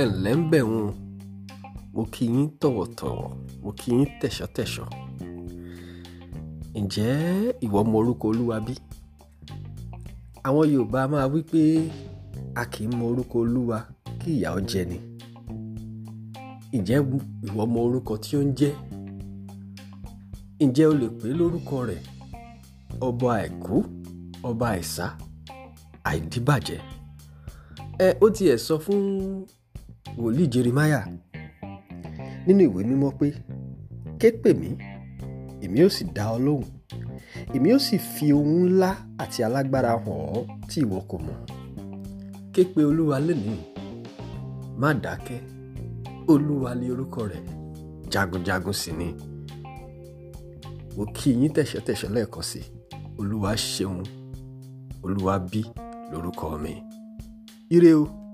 ẹ ǹlẹ́ ń bẹ̀ wọn mo kí yín tọ̀wọ̀tọ̀wọ̀ mo kí yín tẹ̀ṣọ́tẹ̀ṣọ́ ǹjẹ́ ìwọ mọ orúkọ olúwa bí? àwọn Yorùbá máa wí pé a kì í mọ orúkọ olúwa kí ìyà ó jẹ ni ǹjẹ́ ìwọ mọ orúkọ tí ó ń jẹ́ ǹjẹ́ o lè pè lórúkọ rẹ̀ ọba àìkú ọba àìsá àìdíbàjẹ́ ẹ ó tiẹ̀ sọ fún wòlíì Jeremiah, nínú ìwé mímọ́ pé ké pè mí èmi ó sì dá ọ lóhùn èmi ó sì fi ohun ńlá àti alágbára hàn ọ́ tí ìwọ kò mọ̀ ké pe olúwa lónìí má dákẹ́ olúwa lé orúkọ rẹ̀ jagunjagun sì ni mo kí yín tẹ̀sẹ̀tẹ̀sẹ̀ lẹ́ẹ̀kan sí olúwa ṣeun olúwa bí lórúkọ mi ire o.